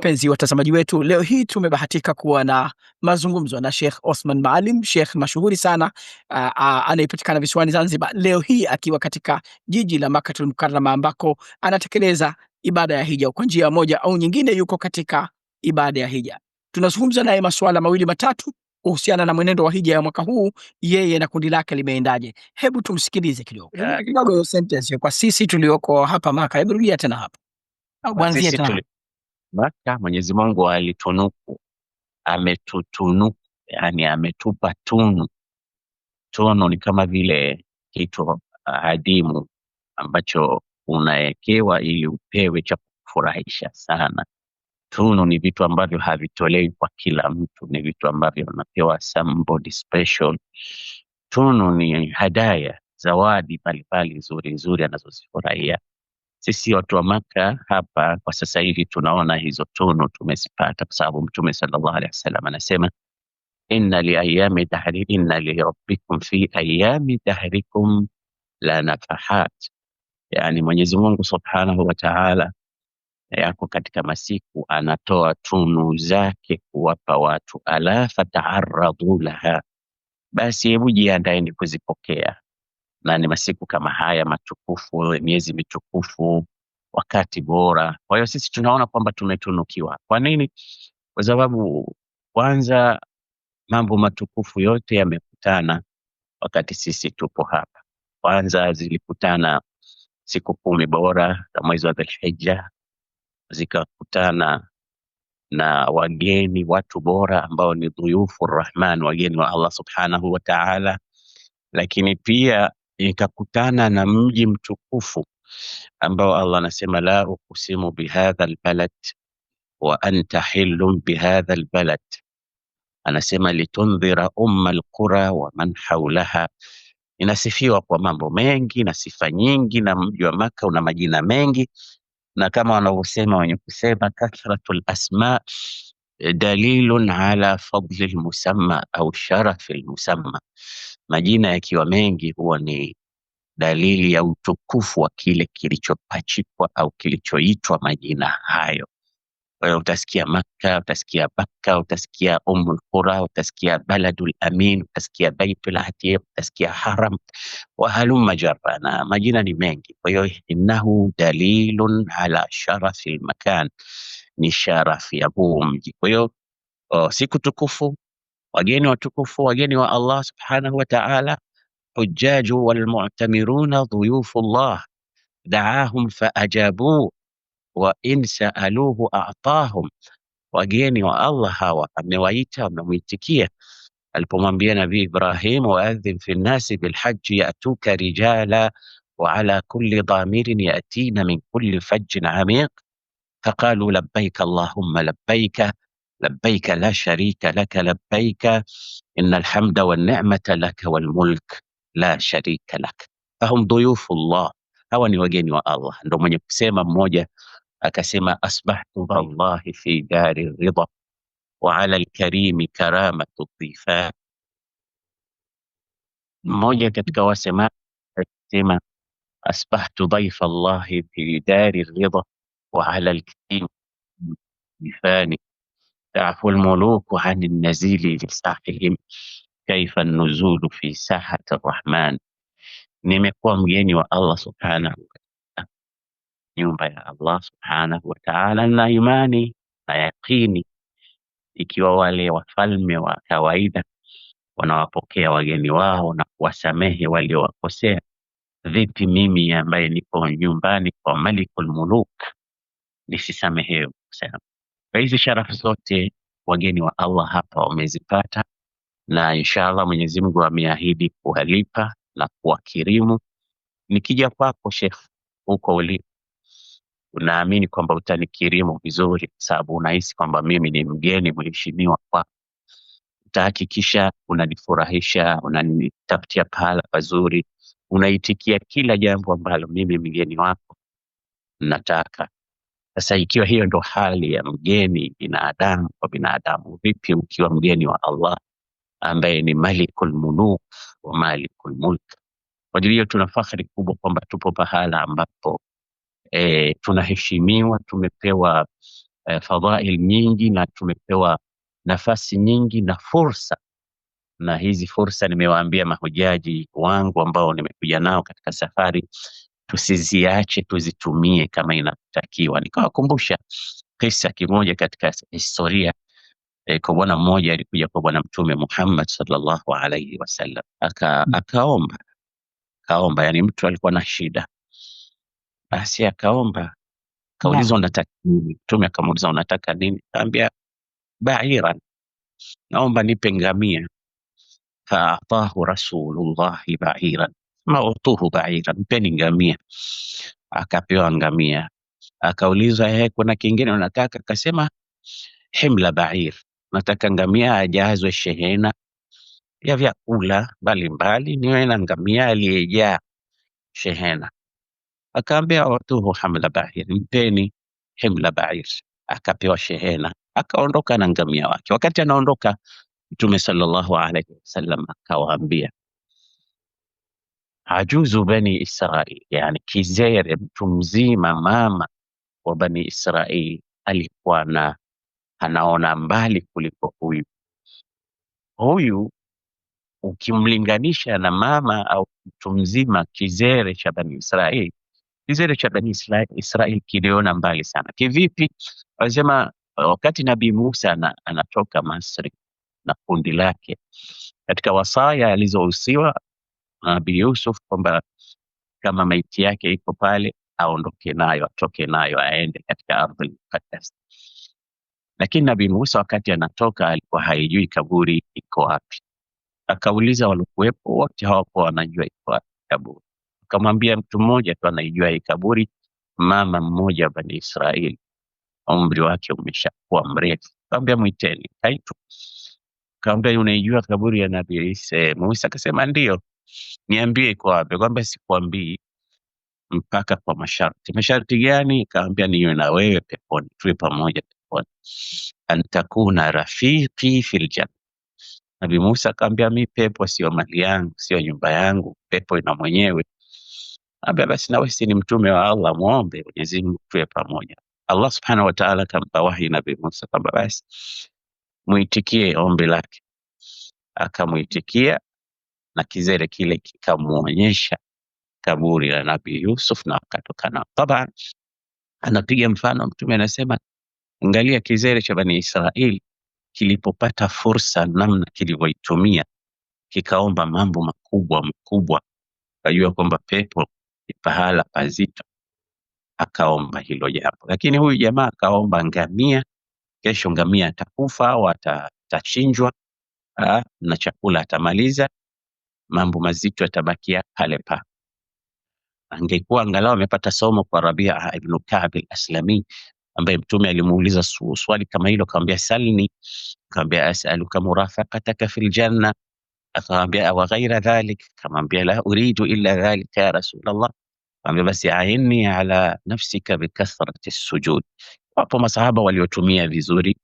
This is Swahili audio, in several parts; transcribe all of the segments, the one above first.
Wapenzi watazamaji wetu, leo hii tumebahatika kuwa na mazungumzo na Sheikh Osman Maalim, sheikh mashuhuri sana anayepatikana visiwani Zanzibar, leo hii akiwa katika jiji la Makkatul Mukarrama ambako anatekeleza ibada ya hija. Kwa njia moja au nyingine, yuko katika ibada ya hija. Tunazungumza naye masuala mawili matatu kuhusiana na mwenendo wa hija ya mwaka huu, yeye na kundi lake limeendaje. Hebu tumsikilize kidogo eh, kidogo, sentence kwa sisi tulioko hapa Maka. Hebu rudia tena hapo, kuanzia tena maka Mwenyezi Mungu alitunuku, ametutunuku, yani ametupa tunu. Tunu ni kama vile kitu ah, adimu ambacho unawekewa ili upewe cha kufurahisha sana. Tunu ni vitu ambavyo havitolewi kwa kila mtu, ni vitu ambavyo unapewa somebody special. Tunu ni hadaya, zawadi mbalimbali nzuri nzuri anazozifurahia sisi watu wa Maka hapa kwa sasa hivi tunaona hizo tunu tumezipata, kwa sababu Mtume sallallahu alaihi wasallam anasema inna li ayami dahri inna li rabbikum fi ayami dahrikum la nafahat, yani Mwenyezi Mungu subhanahu wa taala yako katika masiku anatoa tunu zake kuwapa watu. Ala fataaradhu laha, basi hebu jiandaeni kuzipokea na ni masiku kama haya matukufu, miezi mitukufu, wakati bora. Kwa hiyo sisi tunaona kwamba tumetunukiwa. Kwa nini? Kwa sababu kwanza mambo matukufu yote yamekutana wakati sisi tupo hapa. Kwanza zilikutana siku kumi bora za mwezi wa Dhulhijja, zikakutana na wageni watu bora ambao ni dhuyufu rahman, wageni wa Allah subhanahu wa ta'ala, lakini pia ikakutana na mji mtukufu ambao Allah anasema la uqsimu bihadha albalad wa anta hillun bihadha albalad, anasema litundhira umma alqura wa man haulaha. Inasifiwa kwa mambo mengi na sifa nyingi, na mji wa Maka una majina mengi, na kama wanavyosema wenye kusema kathratu lasma dalilun ala fadli lmusamma au sharafi lmusamma Majina yakiwa mengi huwa ni dalili ya utukufu wa kile kilichopachikwa au kilichoitwa majina hayo. Kwa hiyo utasikia Makka, utasikia Bakka, utasikia Ummul Qura, utasikia Baladul Amin, utasikia Baitul Atiq, utasikia Haram wa halumma jarra, na majina ni mengi. Kwa hiyo innahu dalilun ala sharafi lmakan, ni sharafi ya huu mji. Kwa hiyo oh, siku tukufu wageni watukufu, wageni wa Allah subhanahu wa ta'ala, hujjaju walmu'tamiruna dhuyufullah daahum faajabuh wa in saaluhu a'tahum, wageni wa Allah hawa amewaita, wamemwitikia alipomwambia Nabii Ibrahim, waadhin fi nnasi bilhaji yatuka rijala wa ala kulli damirin yatina min kulli fajjin amiq faqalu labbaika allahumma labbaika لبيك لا شريك لك لبيك ان الحمد والنعمه لك والملك لا شريك لك فهم ضيوف الله هو وجيني والله ندو من موجة أكسم أصبحت الله في دار الرضا وعلى الكريم كرامة الضيفان موجة كتكواسما أكسم أصبحت ضيف الله في دار الرضا وعلى الكريم كرامة الضيفان عفو الملوك عن النزيل لساحهم kaifa nuzulu fi sahati rahman, nimekuwa mgeni wa Allah subhanahu wataala, nyumba ya Allah subhanahu wataala. Na imani na yaqini, ikiwa wale wafalme wa kawaida wanawapokea wageni wao na kuwasamehe waliowakosea, vipi mimi ambaye niko nyumbani kwa malikul muluk nisisamehewe makosa kwa hizi sharafu zote wageni wa Allah hapa wamezipata, na inshallah Mwenyezi Mungu ameahidi kuwalipa na kuwakirimu. Nikija kwako Sheikh, huko ulipo, unaamini kwamba utanikirimu vizuri, kwa sababu unahisi kwamba mimi ni mgeni mheshimiwa kwako? Utahakikisha unanifurahisha, unanitafutia pahala pazuri, unaitikia kila jambo ambalo mimi mgeni wako nataka sasa ikiwa hiyo ndo hali ya mgeni binadamu kwa binadamu, vipi ukiwa mgeni wa Allah ambaye ni malikul muluk wa malikul mulk? Kwa ajili hiyo tuna fahari kubwa kwamba tupo pahala ambapo e, tunaheshimiwa, tumepewa e, fadhail nyingi na tumepewa nafasi nyingi na fursa, na hizi fursa nimewaambia mahujaji wangu ambao nimekuja nao katika safari tusiziache tuzitumie kama inatakiwa. Nikawakumbusha kisa kimoja katika historia e, kwa bwana mmoja alikuja kwa bwana Mtume Muhammad sallallahu alaihi wasallam aka, akaomba akaomba, yani mtu alikuwa na shida, basi akaomba kaulizwa unataka nini? Mtume akamuuliza unataka nini? Kaambia bairan, naomba nipe ngamia. Faatahu rasulullahi bairan, mautuhu baira, mpeni ngamia. Akapewa ngamia, akaulizwa ehe, kuna kingine unataka? Akasema himla bair, nataka ngamia ajazwe shehena ya vyakula mbalimbali, niwe na ngamia aliyejaa shehena. Akaambia watuhu hamla bair, mpeni himla bair. Akapewa shehena, akaondoka na ngamia wake. Wakati anaondoka, Mtume sallallahu alaihi wasallam akawaambia ajuzu bani Israil, yani kizere, mtu mzima, mama wa bani Israil alikuwa na anaona mbali kuliko huyu. Huyu ukimlinganisha na mama au mtu mzima kizere cha bani Israil, kizere cha bani Israil kiliona mbali sana. Kivipi? anasema wakati Nabii Musa na, anatoka Masri na kundi lake, katika wasaya alizohusiwa Nabi uh, Yusuf kwamba kama maiti yake iko pale aondoke nayo atoke nayo aende katika ardhi mukaddas. Lakini Nabi Musa wakati anatoka alikuwa haijui kaburi iko wapi, akauliza waliokuwepo wote, hawakuwa wanajua iko wapi kaburi. Akamwambia mtu mmoja tu anaijua hii kaburi, mama mmoja wa Bani Israeli, umri wake umeshakuwa mrefu. Kaambia mwiteni Kaitu. Kaambia unaijua kaburi ya Nabii Musa? Akasema ndio niambie iko wapi? Kwamba sikuambii mpaka kwa masharti. Masharti gani? Kaambia niwe na wewe peponi, tuwe pamoja peponi. Antakuna rafiki fil janna. Nabii Musa akaambia mi pepo sio mali yangu, sio nyumba yangu, pepo ina mwenyewe. Ambia basi nawe si ni mtume wa Allah, mwombe Mwenyezi Mungu tuwe pamoja. Allah Subhanahu wa Ta'ala akampa wahi Nabi Musa kwamba basi muitikie ombi lake, akamuitikia na kizere kile kikamwonyesha kaburi la Nabii Yusuf na akatokana. Taban anapiga mfano Mtume anasema, angalia kizere cha Bani Israeli kilipopata fursa, namna kilivyoitumia kikaomba mambo makubwa makubwa, kajua kwamba pepo ni pahala pazito, akaomba hilo jambo. Lakini huyu jamaa akaomba ngamia, kesho ngamia atakufa au atachinjwa na chakula atamaliza mambo mazito yatabakia pale pale. Angekuwa angalau amepata somo kwa Rabia ibn Ka'b al-Aslami ambaye mtume alimuuliza swali kama hilo, akamwambia salni, akamwambia as'aluka murafaqataka fil janna, akamwambia wa ghaira dhalik, akamwambia la uridu illa dhalika ya Rasulullah, akamwambia basi aini ala nafsika bikathrati sujud. Wapo masahaba waliotumia vizuri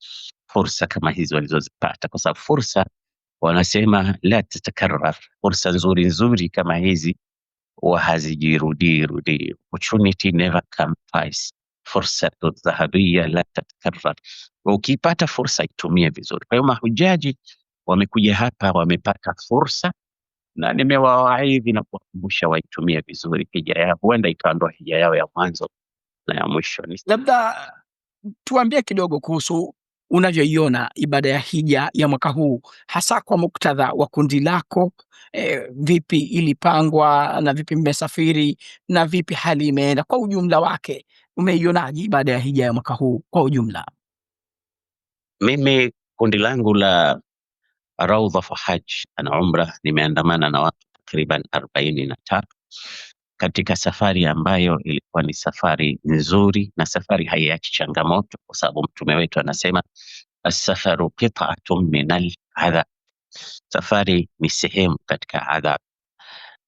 fursa kama hizo walizozipata, kwa sababu fursa wanasema la tatakarar, fursa nzuri nzuri kama hizi wahazijirudii rudii. Opportunity never come twice, fursa dhahabia la tatakarar. Ukipata fursa itumie vizuri. Kwa hiyo mahujaji wamekuja hapa, wamepata fursa na nimewawaidhi na kuwakumbusha waitumie vizuri hija yao, huenda ikaondoa hija yao ya mwanzo na ya mwisho. Labda tuambie kidogo kuhusu unavyoiona ibada ya hija ya mwaka huu hasa kwa muktadha wa kundi lako e, vipi ilipangwa na vipi mmesafiri na vipi hali imeenda kwa ujumla wake? Umeionaje ibada ya hija ya mwaka huu kwa ujumla? Mimi kundi langu la Raudha for Hajj na Umra nimeandamana na watu takriban arobaini na tatu katika safari ambayo ilikuwa ni safari nzuri, na safari haiachi changamoto, kwa sababu mtume wetu anasema asafaru qit'atun minal adhab, safari ni sehemu katika adhab.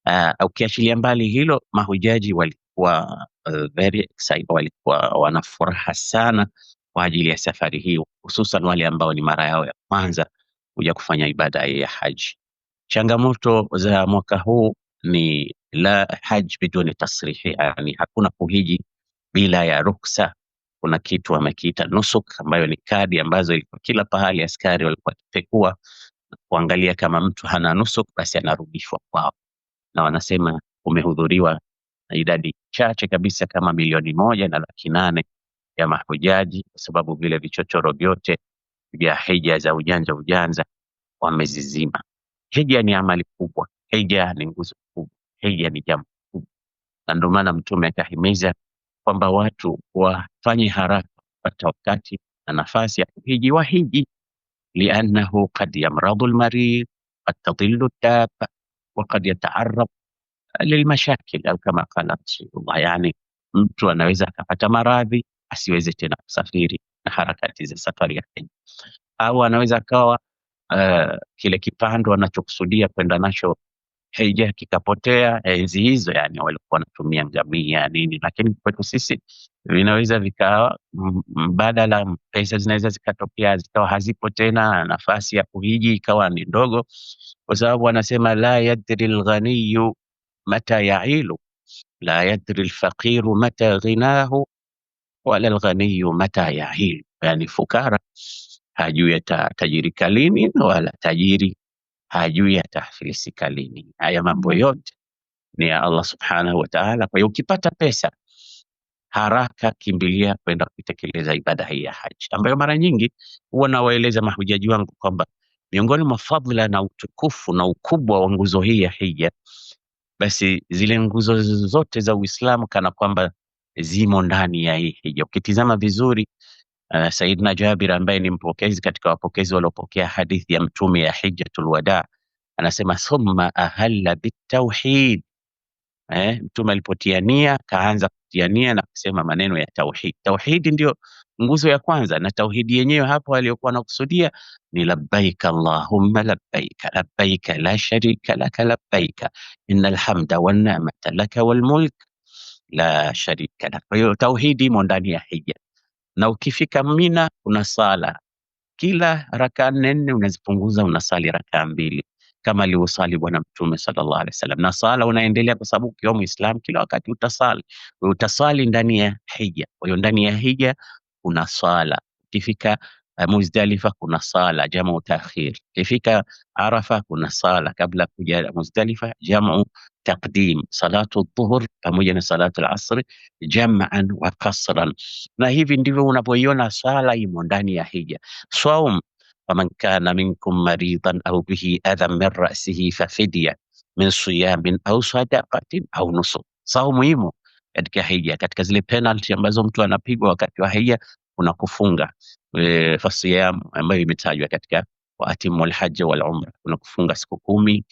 Uh, ukiachilia mbali hilo, mahujaji walikuwa uh, very excited, walikuwa wanafuraha sana kwa ajili ya safari hii, hususan wale ambao ni mara yao ya kwanza kuja kufanya ibada ya haji. Changamoto za mwaka huu ni la haj biduni tasrihi, yani hakuna kuhiji bila ya ruksa. Kuna kitu amekiita nusuk, ambayo ni kadi ambazo ilikuwa kila pahali askari walikuwa wakipekua kuangalia kama mtu hana nusuk, basi anarudishwa kwao, na wanasema umehudhuriwa na idadi chache kabisa kama milioni moja na laki nane ya mahujaji, kwa sababu vile vichochoro vyote vya hija za ujanja ujanja wamezizima. Hija ni amali kubwa, hija ni nguzo kubwa hili ni jambo kubwa, na ndio maana Mtume akahimiza kwamba watu wafanye haraka kupata wakati na nafasi ya kuhiji, wahiji liannahu kad yamradu lmarid kad tadillu daba wakad yataarab lilmashakil kama qala Rasulullah, yani mtu anaweza akapata maradhi asiweze tena kusafiri na harakati za safari ya Hija, au anaweza akawa uh, kile kipando anachokusudia kwenda nacho Kija kikapotea enzi hizo, yani walikuwa wanatumia ngamia nini, lakini kwetu sisi vinaweza vikawa mbadala, pesa zinaweza zikatokea zikawa hazipo tena, nafasi ya kuhiji ikawa ni ndogo, kwa sababu wanasema la yadri lghaniyu mata yailu la yadri lfaqiru mata ghinahu wala lghaniyu mata yahilu, yani fukara hajui atatajirika lini wala tajiri hajui yatafilisika lini. Haya mambo yote ni ya Allah subhanahu wa ta'ala. Kwa hiyo ukipata pesa haraka kimbilia kwenda kutekeleza ibada hii ya haji, ambayo mara nyingi huwa nawaeleza mahujaji wangu kwamba miongoni mwa fadhila na utukufu na ukubwa wa nguzo hii ya hija, basi zile nguzo zote za Uislamu kana kwamba zimo ndani ya hii hija. Ukitizama vizuri, Uh, Saidna Jabir ambaye ni mpokezi katika wapokezi waliopokea hadithi ya mtume ya Hijjatul Wada anasema thumma ahalla bitauhid. Eh, mtume alipotiania nia kaanza kutia na kusema maneno ya tauhid. Tauhid ndio nguzo ya kwanza, na tauhidi yenyewe hapo aliyokuwa anakusudia ni labbaika allahumma labbaika labbaika la sharika laka labbaika innal hamda wan ni'mata laka wal mulk la sharika lak. Kwa hiyo tauhidi imo ndani ya hija na ukifika Mina una sala kila rakaa nne nne unazipunguza, unasali rakaa mbili kama alivyosali Bwana Mtume sallallahu alaihi wasallam, na sala unaendelea kwa sababu ukiwa Muislam kila wakati utasali, utasali ndani ya hija. Kwa hiyo ndani ya hija kuna sala, ukifika Eh, Muzdalifa kuna sala jamu taakhir, ukifika Arafa kuna sala kabla kuja Muzdalifa jamu taqdim, salatu dhuhur pamoja na salatu al-asr wa kasran. Na hivi ndivyo unavyoiona sala imo ndani ya hija. Sawm faman kana minkum maridan au bihi adhan min ra'sihi fafidya min siyamin au sadaqatin au nusuk. Saumu imo katika hija, katika zile penalty ambazo mtu anapigwa wakati wa hija kuna kufunga e, fasiyam ambayo imetajwa katika waatimu walhaja wal umra, kuna kufunga siku kumi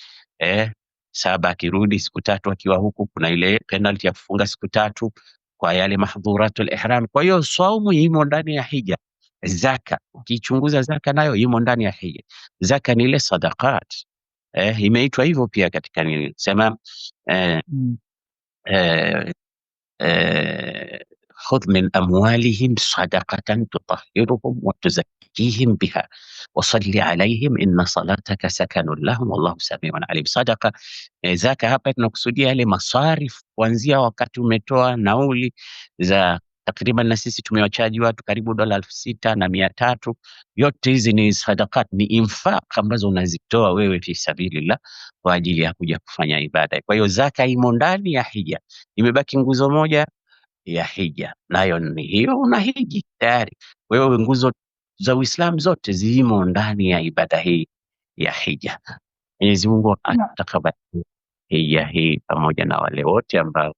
e, saba akirudi siku tatu akiwa huku, kuna ile penalty ya kufunga siku tatu kwa yale mahdhuratul ihram. Kwa hiyo saumu imo ndani ya hija. Zaka ukichunguza zaka nayo imo ndani ya hija. Zaka ni ile sadaqat eh, imeitwa hivyo pia katika nini sema eh, eh, eh, خذ من أموالهم صدقة تطهرهم وتزكيهم بها وصل عليهم إن صلاتك سكن لهم والله سميع عليم. صدقة zaka hapa tunakusudia yale مصارف وانزيا wakati umetoa nauli za takriban, na sisi tumewachaji watu karibu dola elfu sita na mia tatu. Yote hizi ni sadakat, ni infaq ambazo unazitoa wewe fi sabilillah kwa ajili ya kuja kufanya ibada. Kwa hiyo zaka imo ndani ya hija, imebaki nguzo moja ya hija, nayo ni hiyo, unahiji tayari. Kwa hiyo nguzo za Uislamu zote zimo ndani ya ibada hii ya hija. Mwenyezi Mungu atakubali hija hii pamoja na wale wote ambao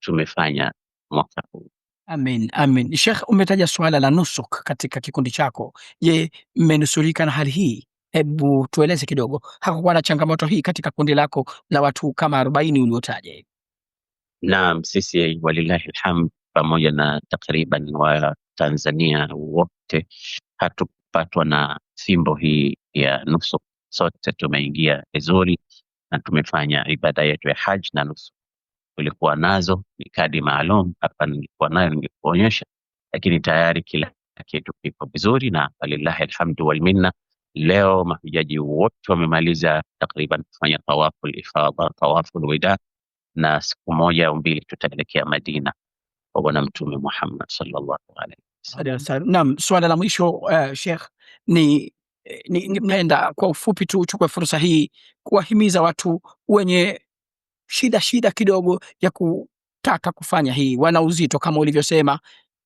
tumefanya mwaka huu. Amin, amin. Sheikh, umetaja suala la nusuk katika kikundi chako. Je, mmenusurika na hali hii? Hebu tueleze kidogo, hakukuwa na changamoto hii katika kundi lako la watu kama arobaini uliotaja hivi? Naam, sisi walilahi alhamd, pamoja na takriban Watanzania wote hatukupatwa na fimbo hii ya nusu. Sote tumeingia vizuri na tumefanya ibada yetu ya haji na nusu. Tulikuwa nazo ni kadi maalum hapa, nilikuwa nayo ningekuonyesha, lakini tayari kila kitu kiko vizuri na walillahi alhamdu walminna. Leo mahujaji wote wamemaliza takriban kufanya tawaful ifadha, tawaful wida na siku moja au mbili tutaelekea Madina kwa Bwana Mtume Muhammad sallallahu alaihi wasallam. Naam, swala la mwisho uh, Sheikh ni ningependa kwa ufupi tu uchukue fursa hii kuwahimiza watu wenye shida shida kidogo ya kutaka kufanya hii, wana uzito kama ulivyosema.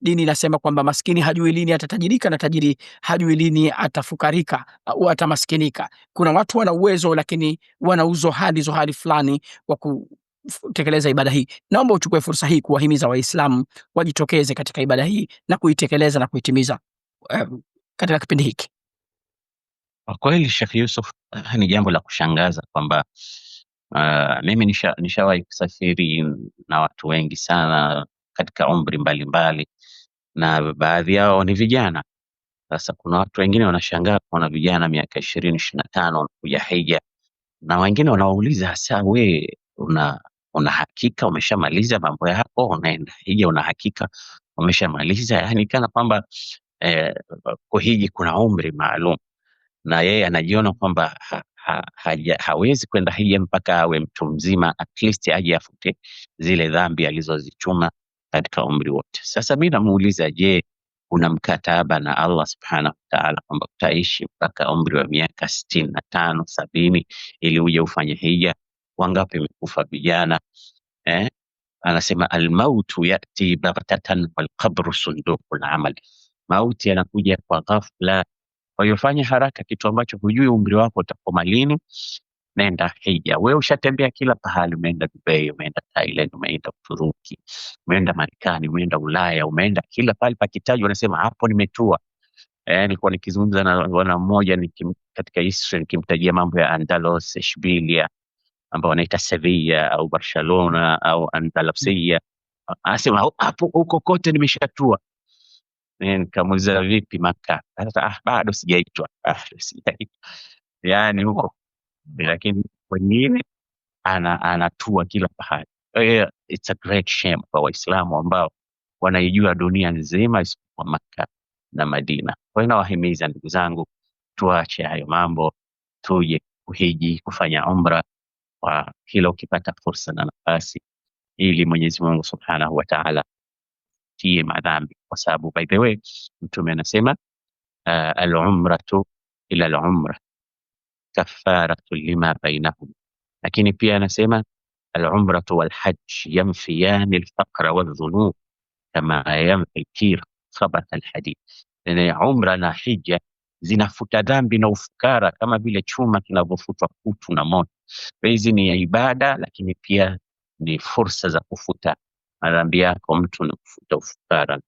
Dini inasema kwamba maskini hajui lini atatajirika na tajiri hajui lini atafukarika au atamaskinika. Kuna watu wana uwezo lakini wanauzo hali zo hali fulani wa kutekeleza ibada hii. Naomba uchukue fursa hii kuwahimiza Waislamu wajitokeze katika ibada hii na kuitekeleza na kuitimiza um, katika kipindi hiki. Kwa kweli Sheikh Yusuf, eh, ni jambo la kushangaza kwamba uh, mimi nishawahi nisha kusafiri na watu wengi sana katika umri mbalimbali mbali, na baadhi yao ni vijana. Sasa kuna watu wengine wanashangaa kuona vijana miaka ishirini ishirini na tano wanakuja hija, na wengine wanauliza hasa we una unahakika umeshamaliza mambo yako, unaenda hija, unahakika umeshamaliza. Yani kana kwamba eh, kuhiji kuna umri maalum, na yeye anajiona kwamba ha, ha, ha, hawezi kwenda hija mpaka awe mtu mzima, at least aje afute zile dhambi alizozichuma katika umri wote. Sasa mi namuuliza, je, una mkataba na Allah subhanahu wataala kwamba utaishi mpaka umri wa miaka sitini na tano sabini ili uje ufanye hija? wangapi wamekufa vijana eh? Anasema almautu yati baghtatan walqabru sunduku lamali, mauti yanakuja kwa ghafla. Kwa hiyo fanya haraka, kitu ambacho hujui umri wako utakoma lini. Nenda hija, wewe ushatembea kila pahali, umeenda Dubai, umeenda Thailand, umeenda Uturuki, umeenda Marekani, umeenda Ulaya, umeenda kila pahali pakitajwa, unasema hapo nimetua. Eh, nilikuwa nikizungumza na bwana mmoja katika Israel nikimtajia mambo ya Andalos, Eshbilia ambao wanaita Sevilla au Barcelona au Andalusia, mm. anasema hapo huko kote nimeshatua. Nikamuuliza vipi Maka? Ah, bado sijaitwa, ah, sijaitwa yani huko, lakini wengine ana, anatua kila pahali. Eh, eh, it's a great shame kwa Waislamu ambao wanaijua dunia nzima isipokuwa Maka na Madina. Kwa hiyo nawahimiza ndugu zangu, tuache hayo mambo, tuje kuhiji, kufanya umra kwa kila ukipata fursa na nafasi, ili Mwenyezi Mungu Subhanahu wataala Ta'ala tie madhambi, kwa sababu by the way mtume anasema uh, ah, al ila lumra kafaratu lima bainahum, lakini pia anasema alumratu umratu wal-hajj yanfiyani al-faqra kama yanfi kir khabath al umra na hija zinafuta dhambi na ufukara kama vile chuma kinavyofutwa kutu na moto. Hizi ni ya ibada lakini pia ni fursa za kufuta madhambi yako mtu na kufuta ufukara.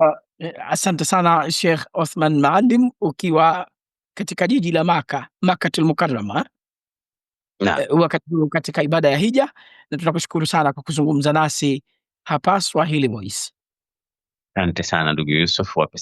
Ah, eh, asante sana Sheikh Othman Maalim ukiwa katika jiji la Maka, Makatul Mukarrama eh, wakati huu katika ibada ya hija, na tunakushukuru sana kwa kuzungumza nasi hapa Swahili Voice. Asante sana ndugu Yusuf, wape